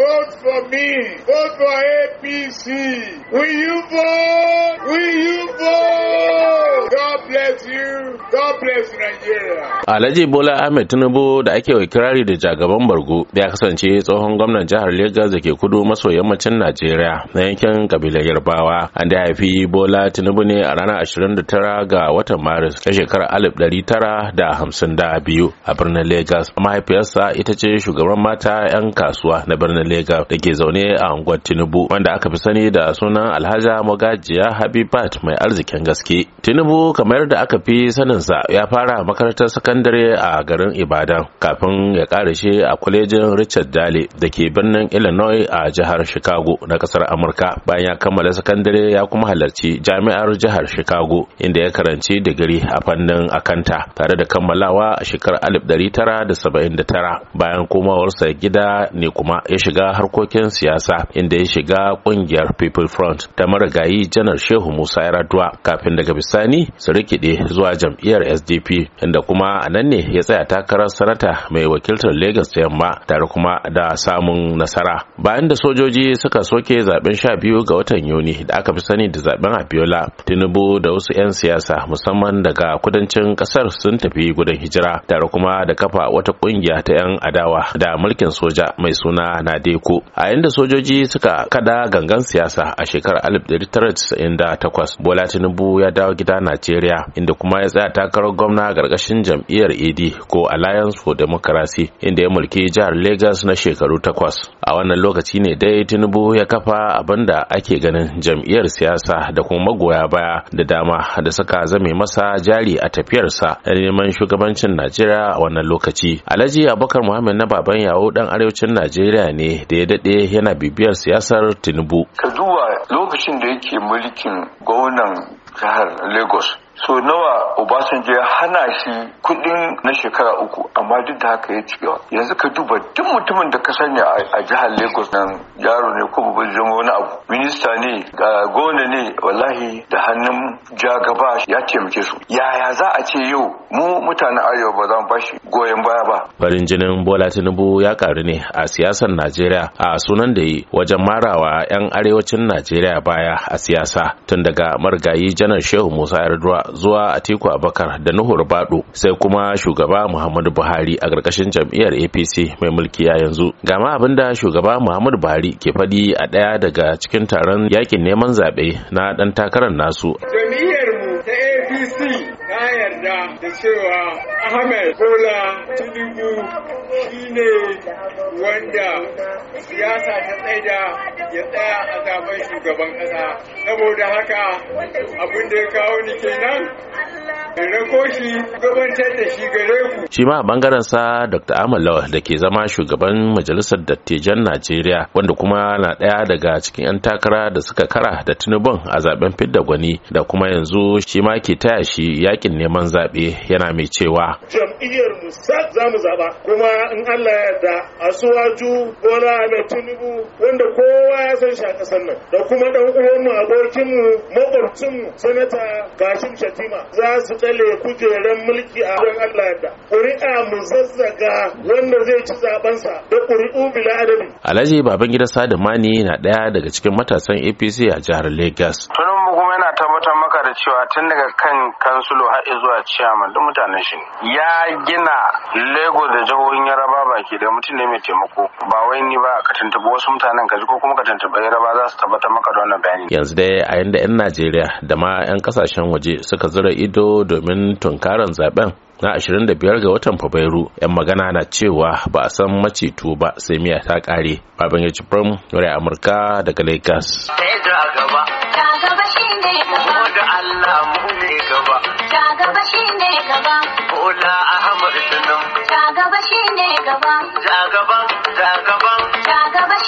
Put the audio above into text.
Vote for me. Vote for APC. Will you vote? Will you vote? God bless you. Alhaji Bola Ahmed Tinubu da ake wa kirari da jagaban bargo ya kasance tsohon gwamnan jihar Legas da ke kudu maso yammacin Najeriya na yankin kabilar Yarbawa. An da haifi Bola Tinubu ne a ranar 29 ga watan Maris ta shekarar 1952 a birnin Legas. Mahaifiyarsa ita ce shugaban mata 'yan kasuwa na birnin Legas da ke zaune a unguwar Tinubu wanda aka fi sani da sunan Alhaja Magajiya Habibat mai arzikin gaske. Tinubu kamar da aka fi saninsa ya fara makarantar sakandare a garin Ibadan kafin ya shi a kwalejin Richard Dale da ke birnin Illinois a jihar Chicago na ƙasar Amurka. Bayan ya kammala sakandare ya kuma halarci jami'ar jihar Chicago inda ya karanci digiri a fannin akanta tare da kammalawa a shekarar 1979. Bayan komawarsa gida ne kuma ya shiga harkokin siyasa inda ya shiga kungiyar People Front ta marigayi janar Shehu Musa raduwa kafin daga bisani su rikide zuwa jam'iyyar sdp inda kuma a nan ne ya tsaya takarar sanata mai wakiltar lagos ta yamma tare kuma da samun nasara bayan da sojoji suka soke zaben sha biyu ga watan yuni da aka fi sani da zaben abiola tinubu da wasu 'yan siyasa musamman daga kudancin kasar sun tafi gudan hijira tare kuma da kafa wata kungiya ta 'yan adawa da mulkin soja mai suna nadeko a inda sojoji suka kada gangan siyasa a shekarar 1998 bola tinubu ya dawo gida najeriya inda kuma ya tsaya takarar takarar gwamna a jam'iyyar AD ko Alliance for Democracy inda ya mulki jihar Lagos na shekaru takwas. A wannan lokaci ne dai Tinubu ya kafa abin da ake ganin jam'iyyar siyasa da kuma magoya baya da dama da suka zame masa jari a tafiyarsa na neman shugabancin Najeriya a wannan lokaci. Alhaji Abubakar Muhammad na baban yawo dan arewacin Najeriya ne da ya daɗe yana bibiyar siyasar Tinubu. Ka duba lokacin da yake mulkin gwamnan jihar Lagos so nawa obasanjo ya hana shi kudin na shekara uku amma duk da haka ya cigaba yanzu ka duba duk mutumin da ka sani a jihar lagos nan yaro ne ko babban zama wani abu minista ne ga gona ne wallahi da hannun ja gaba ya taimake su yaya za a ce yau mu mutanen arewa ba za mu bashi goyon baya ba farin jinin bola tinubu ya karu ne a siyasar najeriya a sunan da yi wajen marawa yan arewacin najeriya baya a siyasa tun daga marigayi janar shehu musa yarduwa zuwa Atiku Abakar da Nuhur Bado sai kuma shugaba Muhammadu Buhari a ƙarƙashin jam'iyyar APC mai mulki ya yanzu. Gama abin da shugaba Muhammadu Buhari ke faɗi a ɗaya daga cikin taron yakin neman zaɓe na ɗan takarar nasu. Jam'iyyar mu ta APC manta da cewa Ahmed Bola Tinubu shine wanda siyasa ta tsaida ya tsaya a zaben shugaban kasa Saboda haka abin da ya kawo ni kenan shi shi ma a bangaren sa Dr. Ahmad Lawal da ke zama shugaban majalisar dattijan Najeriya wanda kuma na ɗaya daga cikin 'yan takara da suka kara da Tinubun a zaben fidda gwani da kuma yanzu shi ma ke taya shi yakin neman zaɓe yana mai cewa. Jam'iyyar mu za mu zaɓa kuma in Allah ya yarda Asuwaju Bola da Tinubu wanda kowa ya san shi a ƙasar nan da kuma ɗan uwanmu abokinmu maƙwabcinmu Sanata Kashim Shatima za su tsale kujeren mulki a wajen Allah da ƙuri'a mu zazzaga wanda zai ci zabensa da ƙuri'u bila adabi Alhaji Babangida Sadimani na ɗaya daga cikin matasan APC a jihar Lagos Sunan mu kuma yana tabbatar da cewa tun daga kan kansulo har zuwa ciyaman duk mutanen shi ya gina lego da jihohin yaraba baki da mutum ne mai taimako ba wai ni ba ka tuntuɓi wasu mutanen ka ko kuma ka tuntuɓi yaraba za su tabbatar maka da wannan bayani yanzu dai a yanda 'yan najeriya da ma 'yan kasashen waje suka zura ido domin tunkarar zaben na ashirin da biyar ga watan Fabrairu yan magana na cewa ba a san maceto ba sai miya ta kare yaci firm wuri Amurka daga Lagos. Da yadda a gaba. gaba. Bola Ahmad Tinubu. Ja gaba shine gaba. Ja gaba, ja gaba. Ja gaba